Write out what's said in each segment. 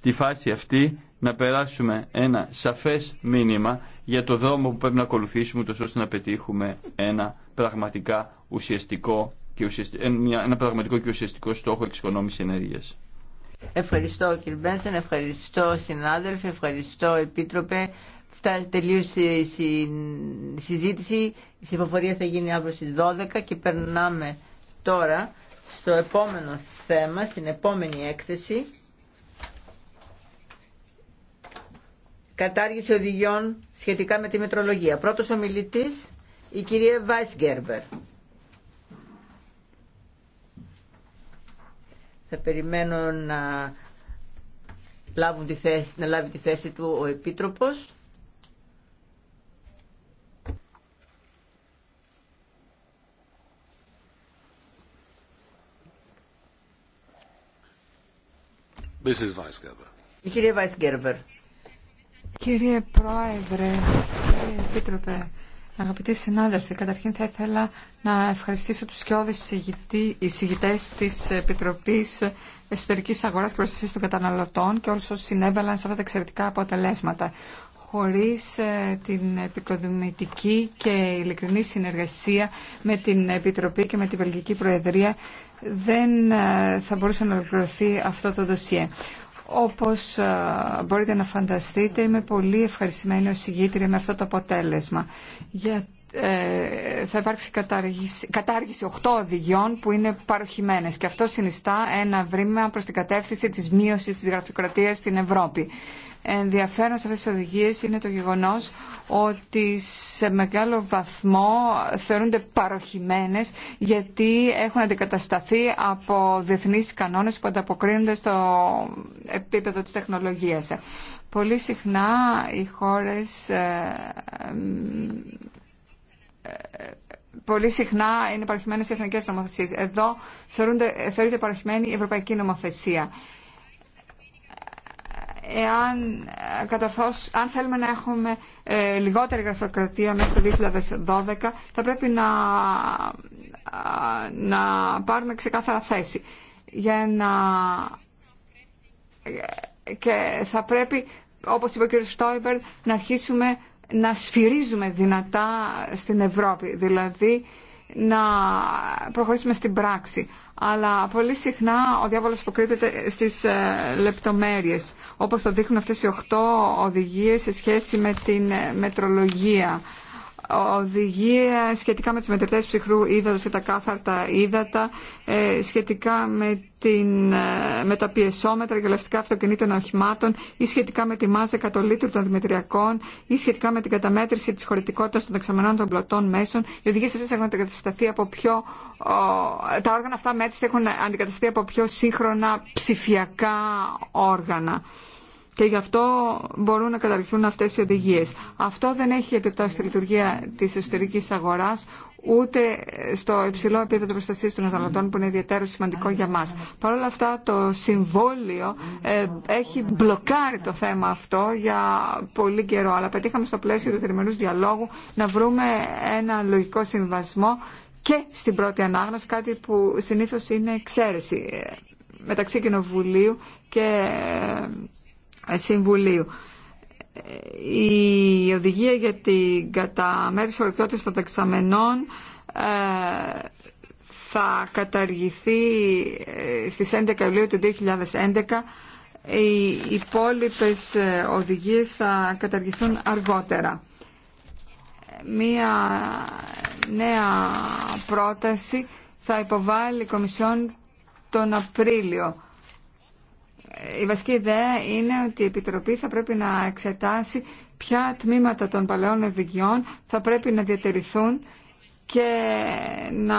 στη φάση αυτή να περάσουμε ένα σαφές μήνυμα για το δρόμο που πρέπει να ακολουθήσουμε τόσο ώστε να πετύχουμε ένα πραγματικά ουσιαστικό και ουσιαστικό, ένα πραγματικό και ουσιαστικό στόχο εξοικονόμηση ενέργειας. Ευχαριστώ κύριε Μπένσεν, ευχαριστώ συνάδελφε, ευχαριστώ επίτροπε. Φτάνει τελείωσε η συζήτηση. Η ψηφοφορία θα γίνει αύριο στις 12 και περνάμε τώρα στο επόμενο θέμα, στην επόμενη έκθεση. κατάργηση οδηγιών σχετικά με τη μετρολογία. Πρώτος ομιλητής, η κυρία Βάισγκέρμπερ. Θα περιμένω να, λάβουν τη θέση, να λάβει τη θέση του ο Επίτροπος. Η κυρία Weisgerber. Κύριε Πρόεδρε, κύριε Επίτροπε, αγαπητοί συνάδελφοι, καταρχήν θα ήθελα να ευχαριστήσω τους σκιώδες εισηγητές της Επιτροπής Εσωτερικής Αγοράς και Προστασίας των Καταναλωτών και όλους όσους συνέβαλαν σε αυτά τα εξαιρετικά αποτελέσματα. Χωρίς ε, την επικοδομητική και ειλικρινή συνεργασία με την Επιτροπή και με την Βελγική Προεδρία δεν ε, θα μπορούσε να ολοκληρωθεί αυτό το δοσιέ. Όπως ε, μπορείτε να φανταστείτε, είμαι πολύ ευχαριστημένη ως ηγήτρια με αυτό το αποτέλεσμα. Γιατί θα υπάρξει κατάργηση, κατάργηση 8 οδηγιών που είναι παροχημένες και αυτό συνιστά ένα βρήμα προς την κατεύθυνση της μείωσης της γραφειοκρατίας στην Ευρώπη. Ενδιαφέρον σε αυτές τις οδηγίες είναι το γεγονός ότι σε μεγάλο βαθμό θεωρούνται παροχημένες γιατί έχουν αντικατασταθεί από διεθνείς κανόνες που ανταποκρίνονται στο επίπεδο της τεχνολογίας. Πολύ συχνά οι χώρες ε, πολύ συχνά είναι παροχημένες οι εθνικές νομοθεσίες. Εδώ θεωρείται παροχημένη η ευρωπαϊκή νομοθεσία. Εάν, αν θέλουμε να έχουμε ε, λιγότερη γραφειοκρατία μέχρι το 2012, θα πρέπει να, να πάρουμε ξεκάθαρα θέση. Για να... Και θα πρέπει, όπως είπε ο κ. Στόιμπερ, να αρχίσουμε να σφυρίζουμε δυνατά στην Ευρώπη, δηλαδή να προχωρήσουμε στην πράξη. Αλλά πολύ συχνά ο διάβολος αποκρύπτεται στις ε, λεπτομέρειες, όπως το δείχνουν αυτές οι οχτώ οδηγίες σε σχέση με την ε, μετρολογία οδηγία σχετικά με τις μετρητές ψυχρού ύδατος και τα κάθαρτα ύδατα, ε, σχετικά με, την, ε, με τα πιεσόμετρα και ελαστικά αυτοκινήτων οχημάτων ή σχετικά με τη μάζα εκατολίτρου των δημητριακών ή σχετικά με την καταμέτρηση της χωρητικότητας των δεξαμενών των πλωτών μέσων. Οι οδηγίες αυτές έχουν αντικατασταθεί από πιο... τα όργανα αυτά μέτρηση έχουν αντικατασταθεί από πιο σύγχρονα ψηφιακά όργανα και γι' αυτό μπορούν να καταργηθούν αυτές οι οδηγίες. Αυτό δεν έχει επιπτώσει στη λειτουργία της εσωτερικής αγοράς ούτε στο υψηλό επίπεδο προστασίας των καταναλωτών που είναι ιδιαίτερο σημαντικό για μα. Παρ' όλα αυτά, το συμβόλιο ε, έχει μπλοκάρει το θέμα αυτό για πολύ καιρό. Αλλά πετύχαμε στο πλαίσιο του τριμερού διαλόγου να βρούμε ένα λογικό συμβασμό και στην πρώτη ανάγνωση, κάτι που συνήθως είναι εξαίρεση μεταξύ Κοινοβουλίου και Συμβουλίου. Η οδηγία για την καταμέρηση ορκιότητα των δεξαμενών ε, θα καταργηθεί ε, στις 11 Ιουλίου του 2011 οι υπόλοιπες ε, οδηγίες θα καταργηθούν αργότερα. Μία νέα πρόταση θα υποβάλει η Κομισιόν τον Απρίλιο η βασική ιδέα είναι ότι η Επιτροπή θα πρέπει να εξετάσει ποια τμήματα των παλαιών οδηγιών θα πρέπει να διατηρηθούν και να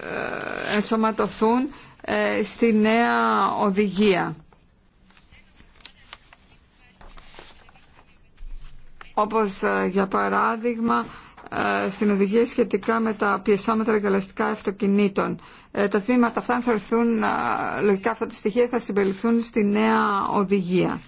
ε, ενσωματωθούν ε, στη νέα οδηγία. Όπως ε, για παράδειγμα ε, στην οδηγία σχετικά με τα πιεσόμετρα εγκαλαστικά αυτοκινήτων. Ε, τα τμήματα αυτά, αν έρθουν, ε, λογικά αυτά τα στοιχεία, θα συμπεριληφθούν στη νέα οδηγία.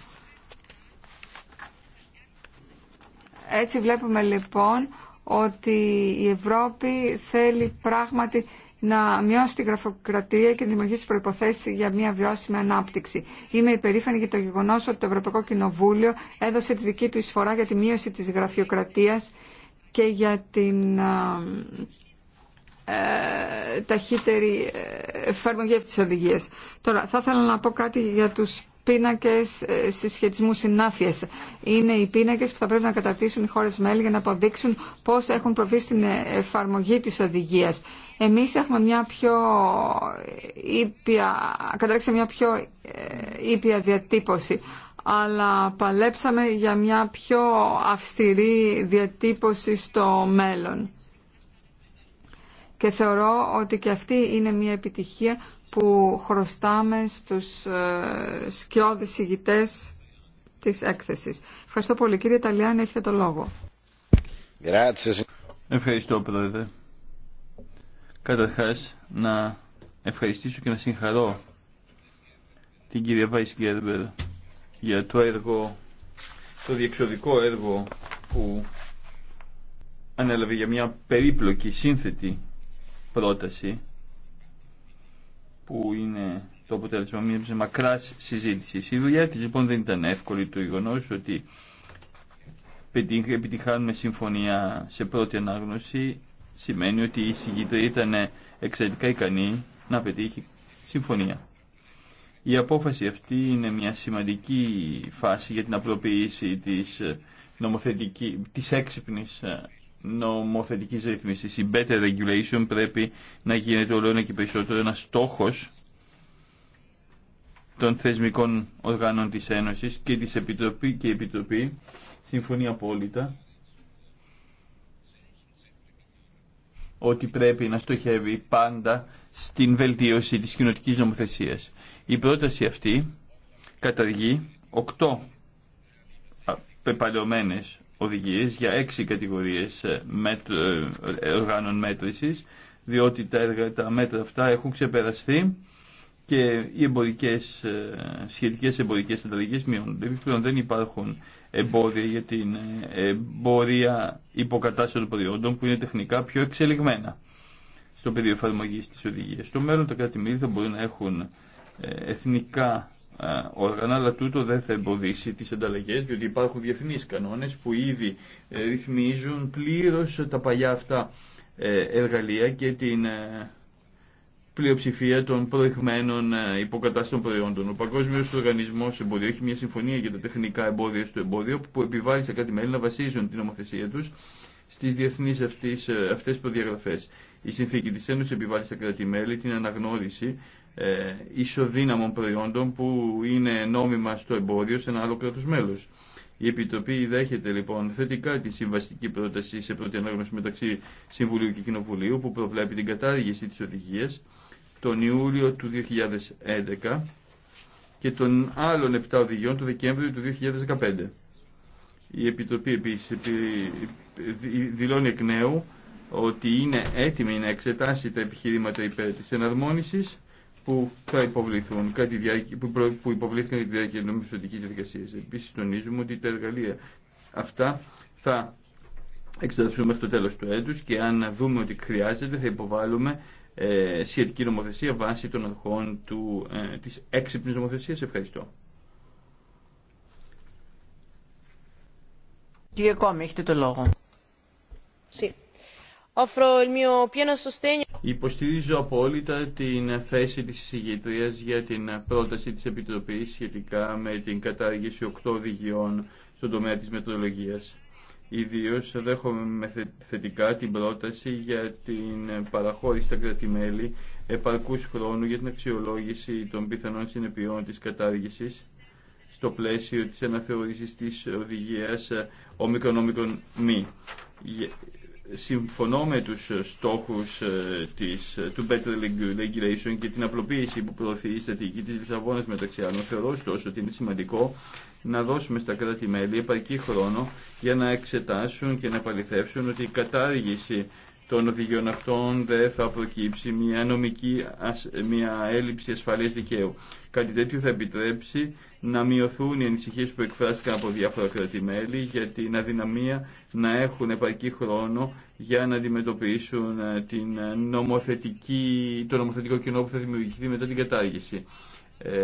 Έτσι βλέπουμε λοιπόν ότι η Ευρώπη θέλει πράγματι να μειώσει τη γραφοκρατία και να δημιουργήσει προποθέσει για μια βιώσιμη ανάπτυξη. Είμαι υπερήφανη για το γεγονό ότι το Ευρωπαϊκό Κοινοβούλιο έδωσε τη δική του εισφορά για τη μείωση τη γραφειοκρατία και για την ε, ταχύτερη ε, εφαρμογή αυτής της οδηγίας. Τώρα, θα ήθελα να πω κάτι για τους πίνακες ε, συσχετισμού συνάφειας. Είναι οι πίνακες που θα πρέπει να καταρτήσουν οι χώρες μέλη για να αποδείξουν πώς έχουν προβεί στην ε, εφαρμογή της οδηγίας. Εμείς έχουμε μια πιο ήπια, μια πιο ήπια διατύπωση αλλά παλέψαμε για μια πιο αυστηρή διατύπωση στο μέλλον. Και θεωρώ ότι και αυτή είναι μια επιτυχία που χρωστάμε στους ε, σκιώδεις ηγητές της έκθεσης. Ευχαριστώ πολύ. Κύριε Ταλιάν, έχετε το λόγο. Ευχαριστώ, Πρόεδρε. Καταρχάς, να ευχαριστήσω και να συγχαρώ την κυρία Βάις Γκέρμπερ για το έργο, το διεξοδικό έργο που ανέλαβε για μια περίπλοκη σύνθετη πρόταση που είναι το αποτέλεσμα μια μακράς συζήτηση. Η δουλειά τη λοιπόν δεν ήταν εύκολη το γεγονό ότι επιτυχάνουμε συμφωνία σε πρώτη ανάγνωση σημαίνει ότι η συγκήτρια ήταν εξαιρετικά ικανή να πετύχει συμφωνία. Η απόφαση αυτή είναι μια σημαντική φάση για την απλοποίηση της, ε, νομοθετική, της έξυπνης ε, νομοθετικής ρύθμισης. Η better regulation πρέπει να γίνεται όλο ένα και περισσότερο ένα στόχος των θεσμικών οργάνων της Ένωσης και, της Επιτροπή, και η Επιτροπή συμφωνεί απόλυτα ότι πρέπει να στοχεύει πάντα στην βελτίωση της κοινωτικής νομοθεσίας. Η πρόταση αυτή καταργεί οκτώ πεπαλαιωμένες οδηγίες για έξι κατηγορίες ε, ε, οργάνων μέτρησης, διότι τα μέτρα αυτά έχουν ξεπεραστεί και οι εμπορικές, ε, σχετικές εμπορικές ανταλλαγές μειώνονται. Επιπλέον δεν υπάρχουν εμπόδια για την ε, εμπορία υποκατάσταση των προϊόντων που είναι τεχνικά πιο εξελιγμένα στο πεδίο εφαρμογή τη οδηγία. Στο μέλλον τα κράτη-μέλη θα μπορούν να έχουν ε, εθνικά όργανα, αλλά τούτο δεν θα εμποδίσει τις ανταλλαγές, διότι υπάρχουν διεθνεί κανόνες που ήδη ρυθμίζουν πλήρως τα παλιά αυτά εργαλεία και την πλειοψηφία των προηγμένων ε, υποκατάστατων προϊόντων. Ο Παγκόσμιο Οργανισμό Εμπόδιο έχει μια συμφωνία για τα τεχνικά εμπόδια στο εμπόδιο που επιβάλλει σε κάτι μέλη να βασίζουν την νομοθεσία του στι διεθνεί ε, αυτέ προδιαγραφέ. Η συνθήκη τη Ένωση επιβάλλει στα κράτη-μέλη την αναγνώριση ε, ισοδύναμων προϊόντων που είναι νόμιμα στο εμπόδιο σε ένα άλλο κράτο μέλο. Η Επιτροπή δέχεται λοιπόν θετικά τη συμβαστική πρόταση σε πρώτη ανάγνωση μεταξύ Συμβουλίου και Κοινοβουλίου που προβλέπει την κατάργηση τη οδηγία τον Ιούλιο του 2011 και των άλλων 7 οδηγιών το Δεκέμβριο του 2015. Η Επιτροπή επίσης δηλώνει εκ νέου ότι είναι έτοιμη να εξετάσει τα επιχειρήματα υπέρ της εναρμόνισης που θα υποβληθούν, κάτι διάρκεια, που υποβλήθηκαν κατά τη διάρκεια της διαδικασίας. Επίσης τονίζουμε ότι τα εργαλεία αυτά θα εξεταστούν μέχρι το τέλος του έτους και αν δούμε ότι χρειάζεται θα υποβάλουμε ε, σχετική νομοθεσία βάσει των αρχών του, ε, της έξυπνης νομοθεσίας. Ευχαριστώ. Κύριε Κόμη, έχετε το λόγο. Υποστηρίζω απόλυτα την θέση της εισηγητρίας για την πρόταση της Επιτροπής σχετικά με την κατάργηση οκτώ οδηγιών στον τομέα της μετρολογίας. Ιδίως δέχομαι θετικά την πρόταση για την παραχώρηση στα κρατημέλη επαρκούς χρόνου για την αξιολόγηση των πιθανών συνεπειών της κατάργησης στο πλαίσιο της αναθεώρησης της οδηγίας ομικρονόμικων ε, μη συμφωνώ με τους ε, στόχους ε, της, ε, του Better Regulation και την απλοποίηση που προωθεί η στρατηγική της Λισαβόνας μεταξύ άλλων. Θεωρώ ωστόσο ότι είναι σημαντικό να δώσουμε στα κράτη-μέλη επαρκή χρόνο για να εξετάσουν και να παληθεύσουν ότι η κατάργηση των οδηγιών αυτών δεν θα προκύψει μια νομική μια έλλειψη ασφαλεία δικαίου. Κάτι τέτοιο θα επιτρέψει να μειωθούν οι ανησυχίες που εκφράστηκαν από διάφορα κρατημέλη για την αδυναμία να έχουν επαρκή χρόνο για να αντιμετωπίσουν ε, την ε, νομοθετική, το νομοθετικό κοινό που θα δημιουργηθεί μετά την κατάργηση. Ε,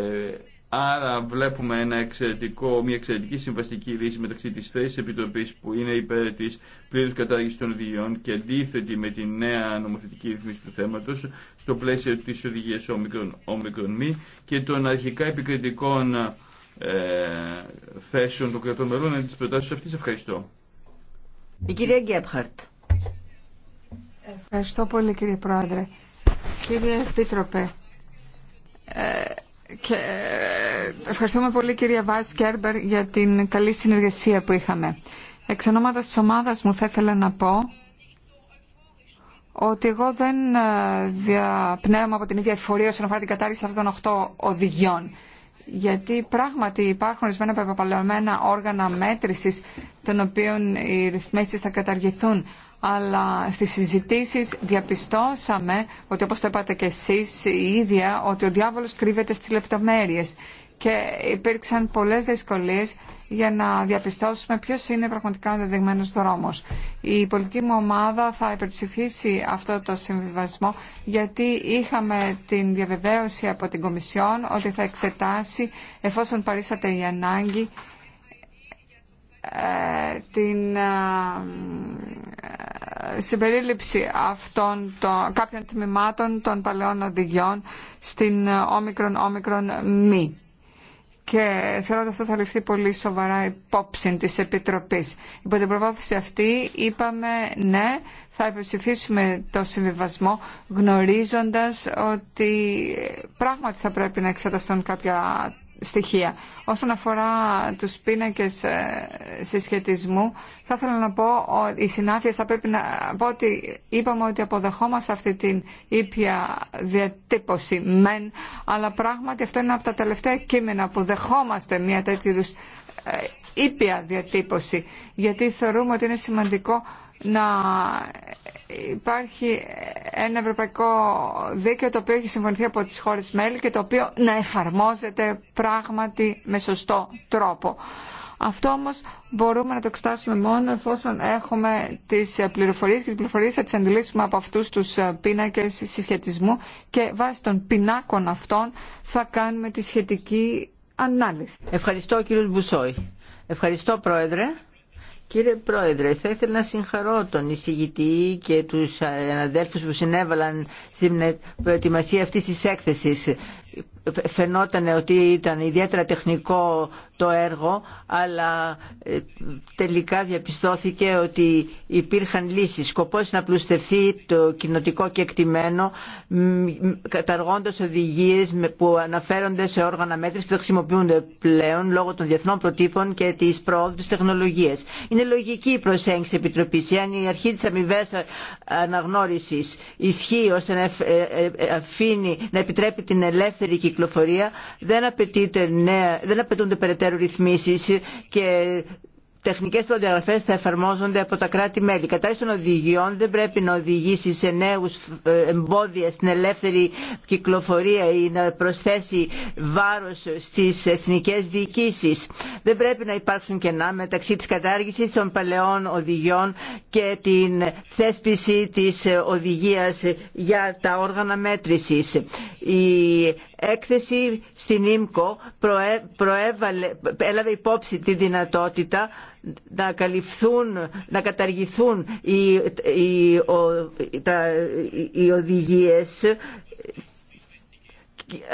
Άρα βλέπουμε ένα εξαιρετικό, μια εξαιρετική συμβαστική λύση μεταξύ της θέσης επιτροπής που είναι υπέρ της πλήρους κατάργησης των οδηγιών και αντίθετη με τη νέα νομοθετική ρυθμίση του θέματος στο πλαίσιο της οδηγίας όμικρον μη και των αρχικά επικριτικών ε, θέσεων των κρατών μελών εν της προτάσεις αυτής. Ευχαριστώ. Η κυρία Γκέπχαρτ. Ευχαριστώ πολύ κύριε Πρόεδρε. Κύριε Επίτροπε, ε, ε, ευχαριστούμε πολύ κυρία Βάζ Κέρμπερ για την καλή συνεργασία που είχαμε. Εξ ονόματος της ομάδας μου θα ήθελα να πω ότι εγώ δεν ε, διαπνέομαι από την ίδια εφορία όσον αφορά την κατάργηση αυτών των οχτώ οδηγιών. Γιατί πράγματι υπάρχουν ορισμένα πεπαπαλαιωμένα όργανα μέτρησης των οποίων οι ρυθμίσεις θα καταργηθούν αλλά στις συζητήσεις διαπιστώσαμε ότι όπως το είπατε και εσείς η ίδια ότι ο διάβολος κρύβεται στις λεπτομέρειες και υπήρξαν πολλές δυσκολίες για να διαπιστώσουμε ποιος είναι πραγματικά ο δεδειγμένος δρόμος. Η πολιτική μου ομάδα θα υπερψηφίσει αυτό το συμβιβασμό γιατί είχαμε την διαβεβαίωση από την Κομισιόν ότι θα εξετάσει εφόσον παρήσατε η ανάγκη ε, την ε, συμπερίληψη αυτών των, κάποιων τμήματων των παλαιών οδηγιών στην όμικρον όμικρον μη. Και θεωρώ ότι αυτό θα ληφθεί πολύ σοβαρά υπόψη της Επιτροπής. Υπό την προπόθεση αυτή είπαμε ναι, θα υποψηφίσουμε το συμβιβασμό γνωρίζοντας ότι πράγματι θα πρέπει να εξεταστούν κάποια στοιχεία. Όσον αφορά τους πίνακες ε, συσχετισμού, θα ήθελα να πω ότι οι συνάφειες θα πρέπει να πω ότι είπαμε ότι αποδεχόμαστε αυτή την ήπια διατύπωση μεν, αλλά πράγματι αυτό είναι από τα τελευταία κείμενα που δεχόμαστε μια τέτοιου είδους ε, ήπια διατύπωση, γιατί θεωρούμε ότι είναι σημαντικό να υπάρχει ένα ευρωπαϊκό δίκαιο το οποίο έχει συμφωνηθεί από τις χώρες μέλη και το οποίο να εφαρμόζεται πράγματι με σωστό τρόπο. Αυτό όμως μπορούμε να το εξετάσουμε μόνο εφόσον έχουμε τις πληροφορίες και τις πληροφορίες θα τις αντιλήσουμε από αυτούς τους πίνακες συσχετισμού και βάσει των πινάκων αυτών θα κάνουμε τη σχετική ανάλυση. Ευχαριστώ κύριε Μπουσόη. Ευχαριστώ πρόεδρε. Κύριε Πρόεδρε, θα ήθελα να συγχαρώ τον εισηγητή και τους ε, αδέλφους που συνέβαλαν στην προετοιμασία αυτής της έκθεσης φαινόταν ότι ήταν ιδιαίτερα τεχνικό το έργο αλλά ε, τελικά διαπιστώθηκε ότι υπήρχαν λύσεις. Σκοπός να πλουστευθεί το κοινοτικό κεκτημένο καταργώντας οδηγίες που αναφέρονται σε όργανα μέτρης που χρησιμοποιούνται πλέον λόγω των διεθνών προτύπων και της προόδου της τεχνολογίας. Είναι λογική η προσέγγιση Επιτροπής. αν η αρχή της αναγνώρισης ισχύει ώστε να, ε, ε, να επιτρέπει την ελεύθερη ελεύθερη κυκλοφορία, δεν, νέα, δεν απαιτούνται περαιτέρω ρυθμίσει, και τεχνικές προδιαγραφές θα εφαρμόζονται από τα κράτη-μέλη. Η των οδηγιών δεν πρέπει να οδηγήσει σε νέους ε, εμπόδια στην ελεύθερη κυκλοφορία ή να προσθέσει βάρος στις εθνικές διοικήσεις. Δεν πρέπει να υπάρξουν κενά μεταξύ της κατάργησης των παλαιών οδηγιών και την θέσπιση της οδηγίας για τα όργανα μέτρησης. Η έκθεση στην ΙΜΚΟ προέβαλε, έλαβε υπόψη τη δυνατότητα να, καλυφθούν, να καταργηθούν οι, οι, τα, οδηγίες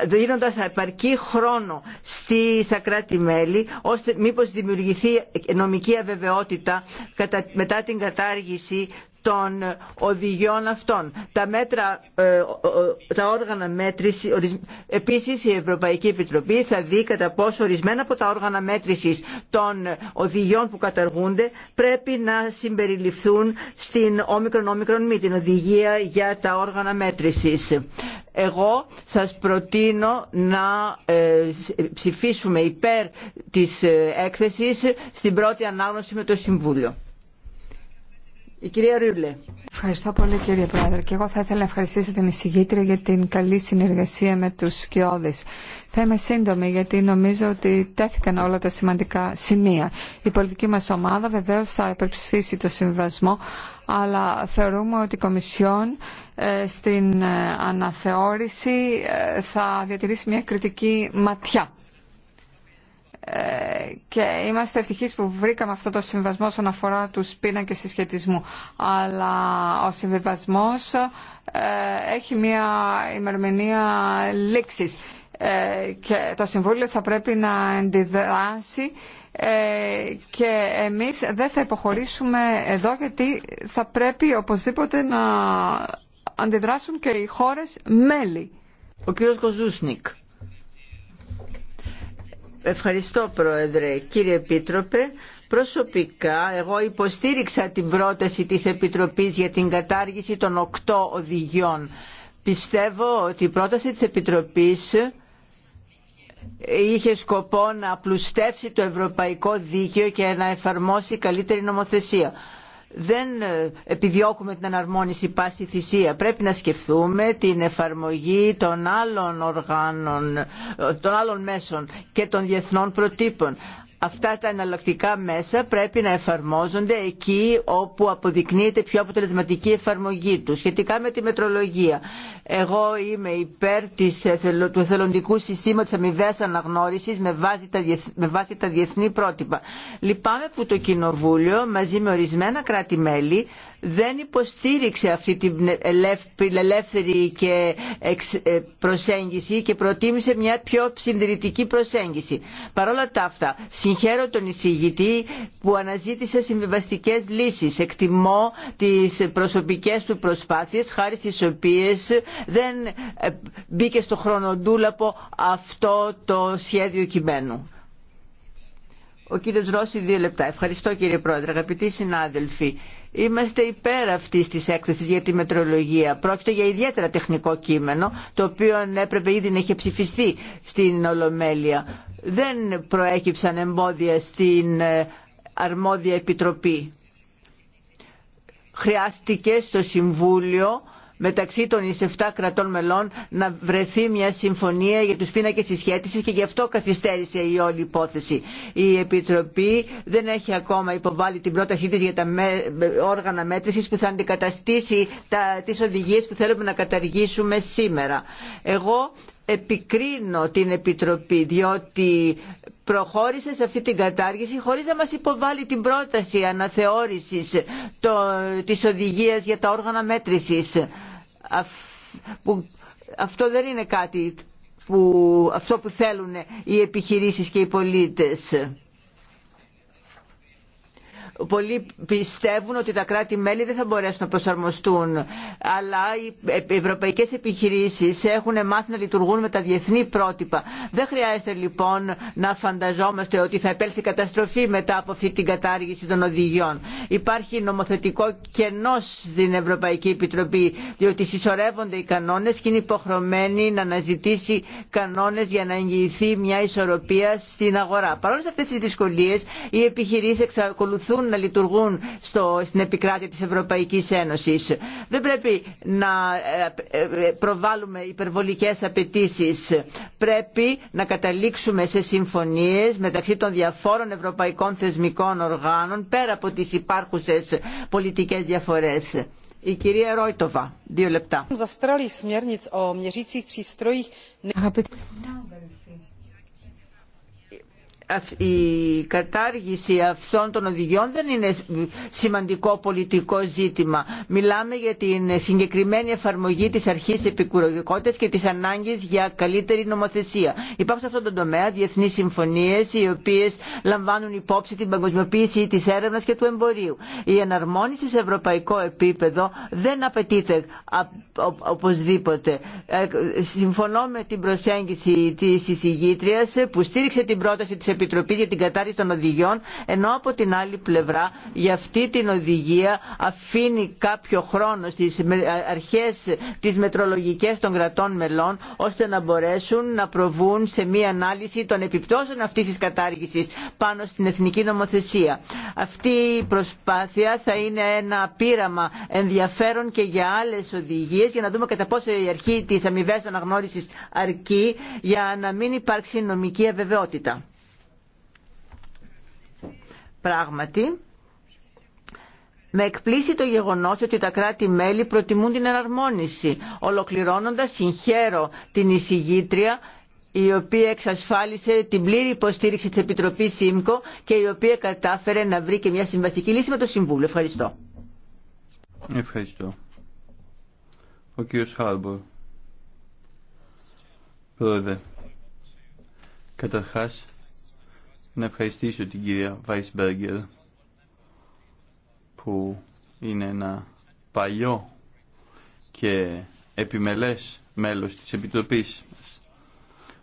δίνοντα επαρκή χρόνο στη, στα κράτη-μέλη, ώστε μήπως δημιουργηθεί νομική αβεβαιότητα μετά την κατάργηση των οδηγιών αυτών. Τα, μέτρα, ε, τα όργανα μέτρηση, επίσης η Ευρωπαϊκή Επιτροπή θα δει κατά πόσο ορισμένα από τα όργανα μέτρησης των οδηγιών που καταργούνται πρέπει να συμπεριληφθούν στην όμικρον όμικρον μη, την οδηγία για τα όργανα μέτρησης. Εγώ σας προτείνω να ε, ψηφίσουμε υπέρ της ε, έκθεσης στην πρώτη ανάγνωση με το Συμβούλιο. Η κυρία Ευχαριστώ πολύ κύριε Πρόεδρε και εγώ θα ήθελα να ευχαριστήσω την εισηγήτρια για την καλή συνεργασία με τους σκιώδεις. Θα είμαι σύντομη γιατί νομίζω ότι τέθηκαν όλα τα σημαντικά σημεία. Η πολιτική μας ομάδα βεβαίως θα υπερψηφίσει το συμβασμό αλλά θεωρούμε ότι η Κομισιόν ε, στην ε, αναθεώρηση ε, θα διατηρήσει μια κριτική ματιά και είμαστε ευτυχείς που βρήκαμε αυτό το συμβασμό όσον αφορά τους πίνακες συσχετισμού. Αλλά ο συμβασμός ε, έχει μια ημερομηνία λήξης ε, και το Συμβούλιο θα πρέπει να αντιδράσει ε, και εμείς δεν θα υποχωρήσουμε εδώ γιατί θα πρέπει οπωσδήποτε να αντιδράσουν και οι χώρες μέλη. Ο κύριος Κοζούσνικ. Ευχαριστώ Πρόεδρε. Κύριε Επίτροπε, προσωπικά εγώ υποστήριξα την πρόταση της Επιτροπής για την κατάργηση των οκτώ οδηγιών. Πιστεύω ότι η πρόταση της Επιτροπής είχε σκοπό να απλουστεύσει το ευρωπαϊκό δίκαιο και να εφαρμόσει καλύτερη νομοθεσία δεν ε, επιδιώκουμε την αναρμόνιση πάση θυσία. Πρέπει να σκεφτούμε την εφαρμογή των άλλων οργάνων, ε, των άλλων μέσων και των διεθνών προτύπων αυτά τα εναλλακτικά μέσα πρέπει να εφαρμόζονται εκεί όπου αποδεικνύεται πιο αποτελεσματική εφαρμογή του. Σχετικά με τη μετρολογία, εγώ είμαι υπέρ της, του εθελοντικού συστήματος αμοιβαία αναγνώρισης με με βάση τα διεθνή πρότυπα. Λυπάμαι που το Κοινοβούλιο μαζί με ορισμένα κράτη-μέλη δεν υποστήριξε αυτή την ελεύθερη και ε, προσέγγιση και προτίμησε μια πιο συντηρητική προσέγγιση. Παρόλα τα αυτά, συγχαίρω τον εισηγητή που αναζήτησε συμβιβαστικέ λύσεις. Εκτιμώ τις προσωπικές του προσπάθειες, χάρη στι οποίε δεν ε, μπήκε στο χρονοτούλαπο αυτό το σχέδιο κειμένου. Ο κύριος Ρώση, δύο λεπτά. Ευχαριστώ κύριε Πρόεδρε, αγαπητοί συνάδελφοι. Είμαστε υπέρ αυτή τη έκθεση για τη μετρολογία. Πρόκειται για ιδιαίτερα τεχνικό κείμενο, το οποίο έπρεπε ήδη να είχε ψηφιστεί στην Ολομέλεια. Δεν προέκυψαν εμπόδια στην ε, αρμόδια επιτροπή. Χρειάστηκε στο Συμβούλιο μεταξύ των 7 κρατών μελών να βρεθεί μια συμφωνία για τους πίνακες συσχέτισης και γι' αυτό καθυστέρησε η όλη υπόθεση. Η Επιτροπή δεν έχει ακόμα υποβάλει την πρότασή της για τα όργανα μέτρησης που θα αντικαταστήσει τα, τις οδηγίες που θέλουμε να καταργήσουμε σήμερα. Εγώ επικρίνω την Επιτροπή διότι προχώρησε σε αυτή την κατάργηση χωρίς να μας υποβάλει την πρόταση αναθεώρησης το, της οδηγίας για τα όργανα μέτρησης. αυτό δεν είναι κάτι που, αυτό που θέλουν οι επιχειρήσεις και οι πολίτες πολλοί πιστεύουν ότι τα κράτη-μέλη δεν θα μπορέσουν να προσαρμοστούν. Αλλά οι ευρωπαϊκές επιχειρήσεις έχουν μάθει να λειτουργούν με τα διεθνή πρότυπα. Δεν χρειάζεται λοιπόν να φανταζόμαστε ότι θα επέλθει καταστροφή μετά από αυτή την κατάργηση των οδηγιών. Υπάρχει νομοθετικό κενό στην Ευρωπαϊκή Επιτροπή, διότι συσσωρεύονται οι κανόνες και είναι υποχρεωμένη να αναζητήσει κανόνες για να εγγυηθεί μια ισορροπία στην αγορά. Παρόλε αυτές τις δυσκολίες, οι επιχειρήσεις εξακολουθούν μπορούν να λειτουργούν στο, στην επικράτεια της Ευρωπαϊκής Ένωσης. Δεν πρέπει να ε, ε, προβάλλουμε υπερβολικές απαιτήσει. Πρέπει να καταλήξουμε σε συμφωνίες μεταξύ των διαφόρων ευρωπαϊκών θεσμικών οργάνων πέρα από τις υπάρχουσες πολιτικές διαφορές. Η κυρία Ρόιτοβα, δύο λεπτά η κατάργηση αυτών των οδηγιών δεν είναι σημαντικό πολιτικό ζήτημα. Μιλάμε για την συγκεκριμένη εφαρμογή της αρχής επικουρικότητας και της ανάγκης για καλύτερη νομοθεσία. Υπάρχουν σε αυτόν τον τομέα διεθνείς συμφωνίες οι οποίες λαμβάνουν υπόψη την παγκοσμιοποίηση της έρευνας και του εμπορίου. Η εναρμόνιση σε ευρωπαϊκό επίπεδο δεν απαιτείται οπωσδήποτε. Ε, συμφωνώ με την προσέγγιση της εισηγήτριας που στήριξε την πρόταση της Επιτροπή για την κατάργηση των οδηγιών, ενώ από την άλλη πλευρά για αυτή την οδηγία αφήνει κάποιο χρόνο στις αρχές τις μετρολογικές των κρατών μελών, ώστε να μπορέσουν να προβούν σε μία ανάλυση των επιπτώσεων αυτής της κατάργησης πάνω στην εθνική νομοθεσία. Αυτή η προσπάθεια θα είναι ένα πείραμα ενδιαφέρον και για άλλες οδηγίες, για να δούμε κατά πόσο η αρχή της αμοιβέ αναγνώρισης αρκεί για να μην υπάρξει νομική αβεβαιότητα. Πράγματι, με εκπλήσει το γεγονός ότι τα κράτη-μέλη προτιμούν την εναρμόνιση. Ολοκληρώνοντας, συγχαίρω την εισηγήτρια η οποία εξασφάλισε την πλήρη υποστήριξη της Επιτροπής ΣΥΜΚΟ και η οποία κατάφερε να βρει και μια συμβαστική λύση με το Συμβούλιο. Ευχαριστώ. Ευχαριστώ. Ο κύριος Χάρμπορ. Πρόεδρε, καταρχάς να ευχαριστήσω την κυρία Βάισμπεργκερ που είναι ένα παλιό και επιμελές μέλος της Επιτροπής μας.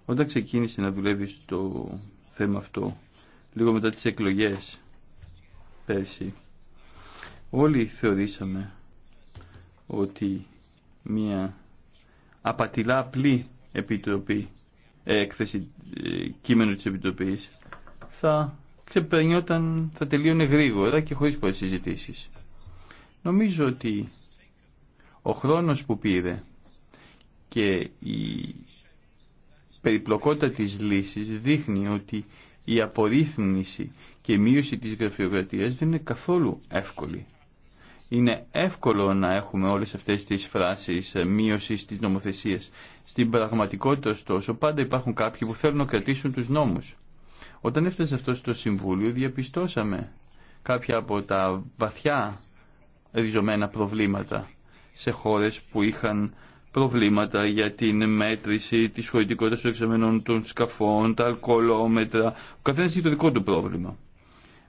Όταν ξεκίνησε να δουλεύει στο θέμα αυτό, λίγο μετά τις εκλογές πέρσι, όλοι θεωρήσαμε ότι μια απατηλά απλή επιτροπή, ε, έκθεση ε, κείμενο της Επιτροπής θα ξεπερνιόταν, θα τελείωνε γρήγορα και χωρίς πολλές συζητήσει. Νομίζω ότι ο χρόνος που πήρε και η περιπλοκότητα της λύσης δείχνει ότι η απορρίθμιση και η μείωση της γραφειοκρατίας δεν είναι καθόλου εύκολη. Είναι εύκολο να έχουμε όλες αυτές τις φράσεις ε, μείωση της νομοθεσίας. Στην πραγματικότητα ωστόσο πάντα υπάρχουν κάποιοι που θέλουν να κρατήσουν τους νόμους. Όταν έφτασε αυτό στο Συμβούλιο διαπιστώσαμε κάποια από τα βαθιά ριζωμένα προβλήματα σε χώρες που είχαν προβλήματα για την μέτρηση της χωρητικότητας των εξαμένων των σκαφών, τα αλκοολόμετρα. Ο καθένας έχει το δικό του πρόβλημα.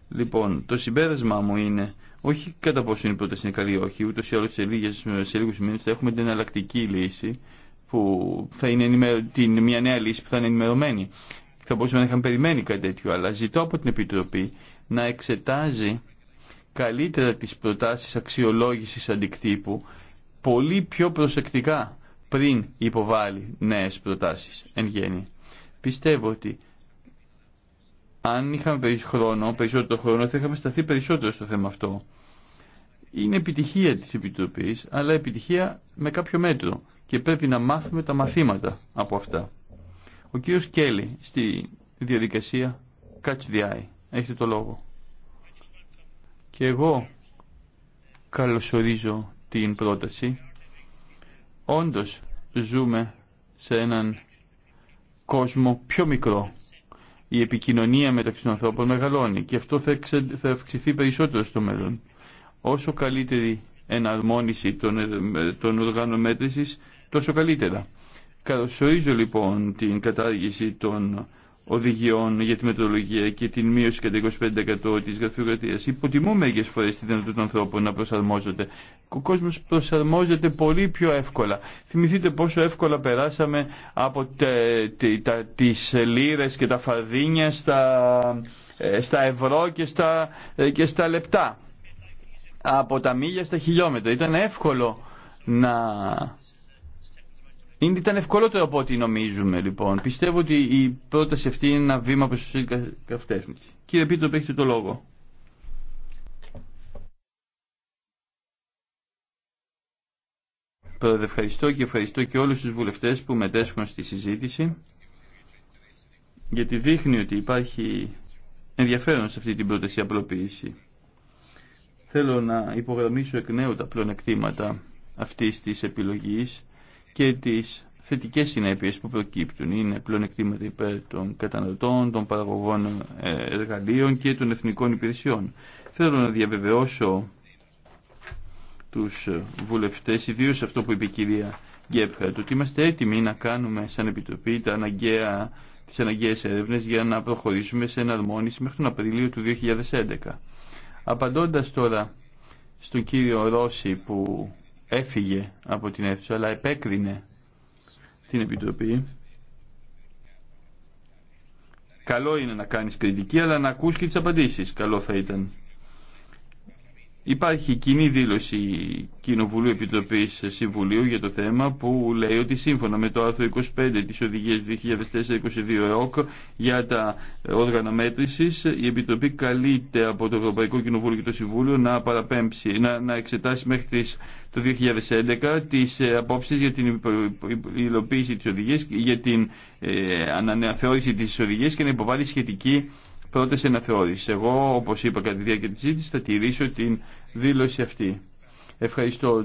Λοιπόν, το συμπέρασμά μου είναι, όχι κατά πόσο είναι πρόταση είναι καλή όχι, ούτως ή άλλως σε, λίγες, σε λίγους μήνες θα έχουμε την εναλλακτική λύση, που θα είναι την, μια νέα λύση που θα είναι ενημερωμένη. Θα μπορούσαμε να είχαμε περιμένει κάτι τέτοιο, αλλά ζητώ από την Επιτροπή να εξετάζει καλύτερα τις προτάσεις αξιολόγησης αντικτύπου πολύ πιο προσεκτικά πριν υποβάλει νέες προτάσεις εν γέννη. Πιστεύω ότι αν είχαμε περισσότερο χρόνο, περισσότερο χρόνο θα είχαμε σταθεί περισσότερο στο θέμα αυτό. Είναι επιτυχία της Επιτροπής, αλλά επιτυχία με κάποιο μέτρο και πρέπει να μάθουμε τα μαθήματα από αυτά. Ο κύριο Κέλλη στη διαδικασία Catch the Eye. Έχετε το λόγο. Και εγώ καλωσορίζω την πρόταση. Όντως ζούμε σε έναν κόσμο πιο μικρό. Η επικοινωνία μεταξύ των ανθρώπων μεγαλώνει και αυτό θα αυξηθεί περισσότερο στο μέλλον. Όσο καλύτερη εναρμόνιση των οργάνων μέτρησης, τόσο καλύτερα. Καλωσορίζω λοιπόν την κατάργηση των οδηγιών για τη μετρολογία και την μείωση κατά 25% της γραφειοκρατίας. Υποτιμώ μερικές φορές τη δυνατότητα των ανθρώπων να προσαρμόζονται. Ο κόσμος προσαρμόζεται πολύ πιο εύκολα. Θυμηθείτε πόσο εύκολα περάσαμε από τα, τις λίρες και τα φαρδίνια στα, ε, στα ευρώ και στα, ε, και στα λεπτά. Από τα μίλια στα χιλιόμετρα. Ήταν εύκολο να είναι, ήταν ευκολότερο από ό,τι νομίζουμε λοιπόν. Πιστεύω ότι η πρόταση αυτή είναι ένα βήμα προ του καυτές μου. Κύριε Πίτρο, έχετε το λόγο. Πρόεδρε, ευχαριστώ και ευχαριστώ και όλους τους βουλευτές που μετέσχουν στη συζήτηση γιατί δείχνει ότι υπάρχει ενδιαφέρον σε αυτή την πρόταση απλοποίηση. Θέλω να υπογραμμίσω εκ νέου τα πλονεκτήματα αυτής της επιλογής και τις θετικές συνέπειες που προκύπτουν. Είναι πλεονεκτήματα υπέρ των καταναλωτών, των παραγωγών ε, εργαλείων και των εθνικών υπηρεσιών. Θέλω να διαβεβαιώσω τους ε, βουλευτές, ιδίως αυτό που είπε η κυρία Γκέπχαρτ, ότι είμαστε έτοιμοι να κάνουμε σαν Επιτροπή τα αναγκαία, τις αναγκαίες έρευνες για να προχωρήσουμε σε εναρμόνιση μέχρι τον Απριλίο του 2011. Απαντώντας τώρα στον κύριο Ρώση που έφυγε από την αίθουσα αλλά επέκρινε την Επιτροπή. Καλό είναι να κάνεις κριτική αλλά να ακούς και τις απαντήσεις. Καλό θα ήταν. Υπάρχει κοινή δήλωση Κοινοβουλίου Επιτροπής Συμβουλίου για το θέμα που λέει ότι σύμφωνα με το άρθρο 25 της Οδηγίας 2004-22 ΕΟΚ ε, για τα όργανα μέτρησης η Επιτροπή καλείται από το Ευρωπαϊκό Κοινοβούλιο και το Συμβούλιο να παραπέμψει, να, να εξετάσει μέχρι τις, το 2011 τις ε, απόψεις για την υλοποίηση της οδηγίας, για την ε, της οδηγίας και να υποβάλει σχετική σε αναθεώρησης. Εγώ, όπως είπα κατά τη διάρκεια της ζήτησης, θα τηρήσω την δήλωση αυτή. Ευχαριστώ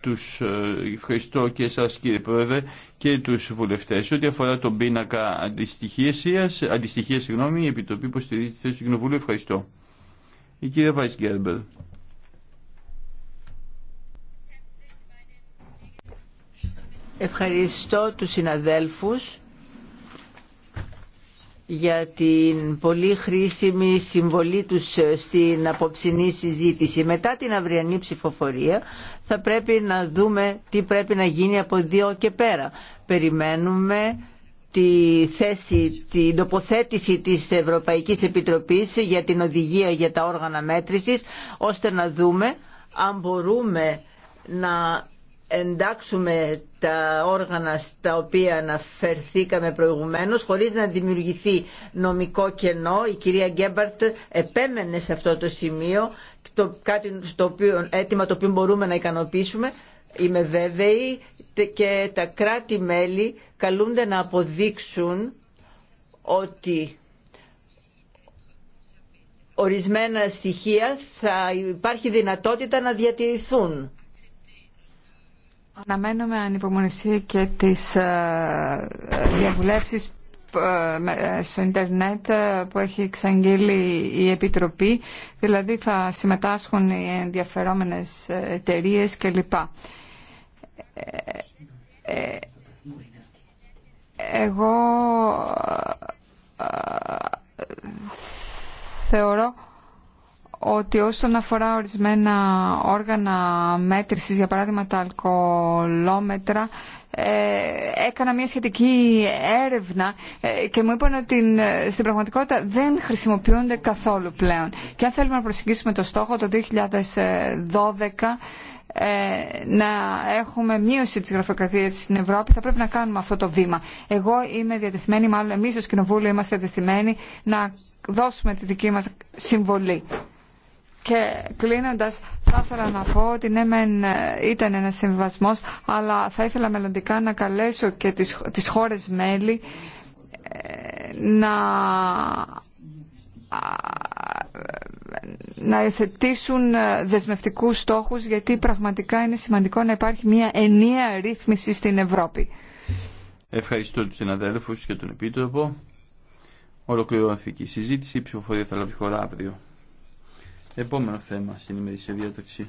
τους, ε, ευχαριστώ και εσάς κύριε Πρόεδρε και τους βουλευτές ό,τι αφορά τον πίνακα αντιστοιχίας, αντιστοιχία η Επιτροπή που στηρίζει τη θέση του Κοινοβούλου. Ευχαριστώ. Η κυρία Βάις Γκέρμπερ. Ευχαριστώ τους συναδέλφους για την πολύ χρήσιμη συμβολή τους στην απόψινή συζήτηση. Μετά την αυριανή ψηφοφορία θα πρέπει να δούμε τι πρέπει να γίνει από δύο και πέρα. Περιμένουμε τη θέση, την τοποθέτηση της Ευρωπαϊκής Επιτροπής για την οδηγία για τα όργανα μέτρησης, ώστε να δούμε αν μπορούμε να εντάξουμε τα όργανα στα οποία αναφερθήκαμε προηγουμένως χωρίς να δημιουργηθεί νομικό κενό. Η κυρία Γκέμπαρτ επέμενε σε αυτό το σημείο το, κάτι στο οποίο, το οποίο μπορούμε να ικανοποιήσουμε. Είμαι βέβαιη και τα κράτη-μέλη καλούνται να αποδείξουν ότι ορισμένα στοιχεία θα υπάρχει δυνατότητα να διατηρηθούν με ανυπομονησία και τις ε, διαβουλεύσεις ε, στο ίντερνετ ε, που έχει εξαγγείλει η Επιτροπή, δηλαδή θα συμμετάσχουν οι ενδιαφερόμενες εταιρείε κλπ. Εγώ θεωρώ ότι όσον αφορά ορισμένα όργανα μέτρησης, για παράδειγμα τα αλκοολόμετρα, ε, έκανα μια σχετική έρευνα ε, και μου είπαν ότι ε, στην πραγματικότητα δεν χρησιμοποιούνται καθόλου πλέον. Και αν θέλουμε να προσεγγίσουμε το στόχο το 2012 να έχουμε μείωση της γραφειοκρατίας στην Ευρώπη θα πρέπει να κάνουμε αυτό το βήμα. Εγώ είμαι διατεθειμένη, μάλλον εμείς ως Κοινοβούλιο είμαστε διατεθειμένοι να δώσουμε τη δική μας συμβολή. Και κλείνοντα θα ήθελα να πω ότι ναι ε, ήταν ένα συμβασμός αλλά θα ήθελα μελλοντικά να καλέσω και τις, τις χώρες μέλη ε, να να εθετήσουν ε, δεσμευτικούς στόχους γιατί πραγματικά είναι σημαντικό να υπάρχει μια ενιαία ρύθμιση στην Ευρώπη. Ευχαριστώ τους συναδέλφους και τον Επίτροπο. Ολοκληρώθηκε η συζήτηση. Η ψηφοφορία θα λάβει χώρα αύριο. Επόμενο θέμα στην ημερήσια διάταξη.